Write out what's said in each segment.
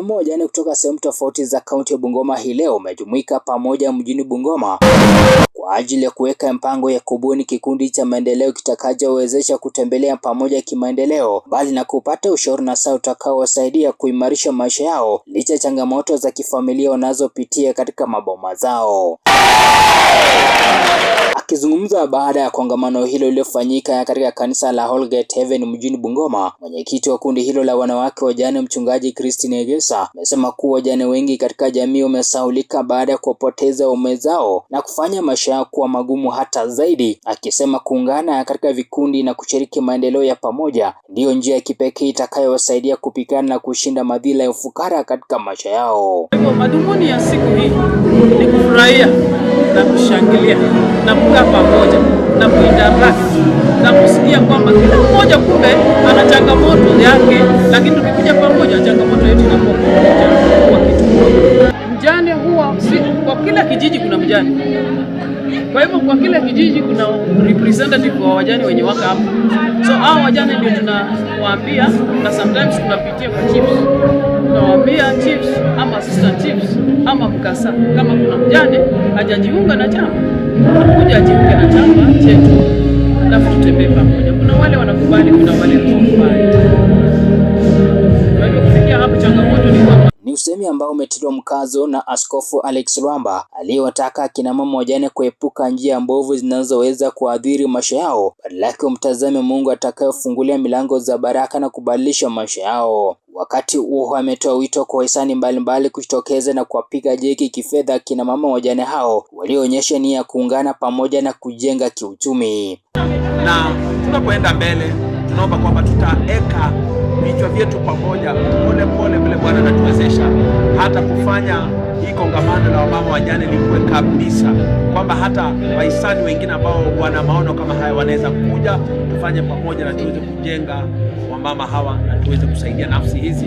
sehemu moja ni kutoka sehemu tofauti za kaunti ya Bungoma hii leo umejumuika pamoja mjini Bungoma kwa ajili ya kuweka mpango ya kubuni kikundi cha maendeleo kitakachowezesha kutembelea pamoja kimaendeleo, bali na kupata ushauri na saa utakaowasaidia kuimarisha maisha yao licha ya changamoto za kifamilia wanazopitia katika maboma zao. Akizungumza baada ya kongamano hilo lililofanyika katika kanisa la Holgate Heaven mjini Bungoma, mwenyekiti wa kundi hilo la wanawake wajane, mchungaji Christine Eges Hamisa amesema kuwa vijana wengi katika jamii wamesahulika baada ya kupoteza umezao zao na kufanya maisha yao kuwa magumu hata zaidi, akisema kuungana katika vikundi na kushiriki maendeleo ya pamoja ndiyo njia ya kipekee itakayowasaidia kupigana na kushinda madhila ya ufukara katika maisha yao. Madhumuni ya siku hii ni kufurahia na kushangilia na kukaa pamoja na kuidaraki na kusikia kwamba mmoja kumbe ana changamoto yake, lakini tukikuja pamoja changamoto yetu inakuwa kwa kitu. Mjane huwa si, kwa kila kijiji kuna mjane, kwa hivyo kwa kila kijiji kuna representative wa wajane wenye waka hapa. So hao wajane ndio tunawaambia, na sometimes tunapitia kwa chiefs, tunawaambia chiefs ama assistant chiefs ama mkasa, kama kuna mjane hajajiunga na chama, anakuja ajiunge na chama chetu alafu tutembee pamoja. Kuna wale wanakubali, kuna wale ni usemi ambao umetiliwa mkazo na Askofu Alex Lwamba aliyewataka akina mama wajane kuepuka njia mbovu zinazoweza kuadhiri maisha yao, badala yake umtazame Mungu atakayofungulia milango za baraka na kubadilisha maisha yao. Wakati huo ametoa wito kwa hisani mbalimbali kujitokeza na kuwapiga jeki kifedha kina mama wajane hao walioonyesha nia ya kuungana pamoja na kujenga kiuchumi na tunapoenda mbele tunaomba kwamba tutaeka vichwa vyetu pamoja pole pole, vile Bwana anatuwezesha hata kufanya hii kongamano la wamama wajane likuwe kabisa, kwamba hata wahisani wengine ambao wana maono kama haya wanaweza kuja tufanye pamoja, na tuweze kujenga wamama hawa na tuweze kusaidia nafsi hizi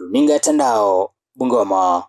Runinga ya Tandao, Bungoma.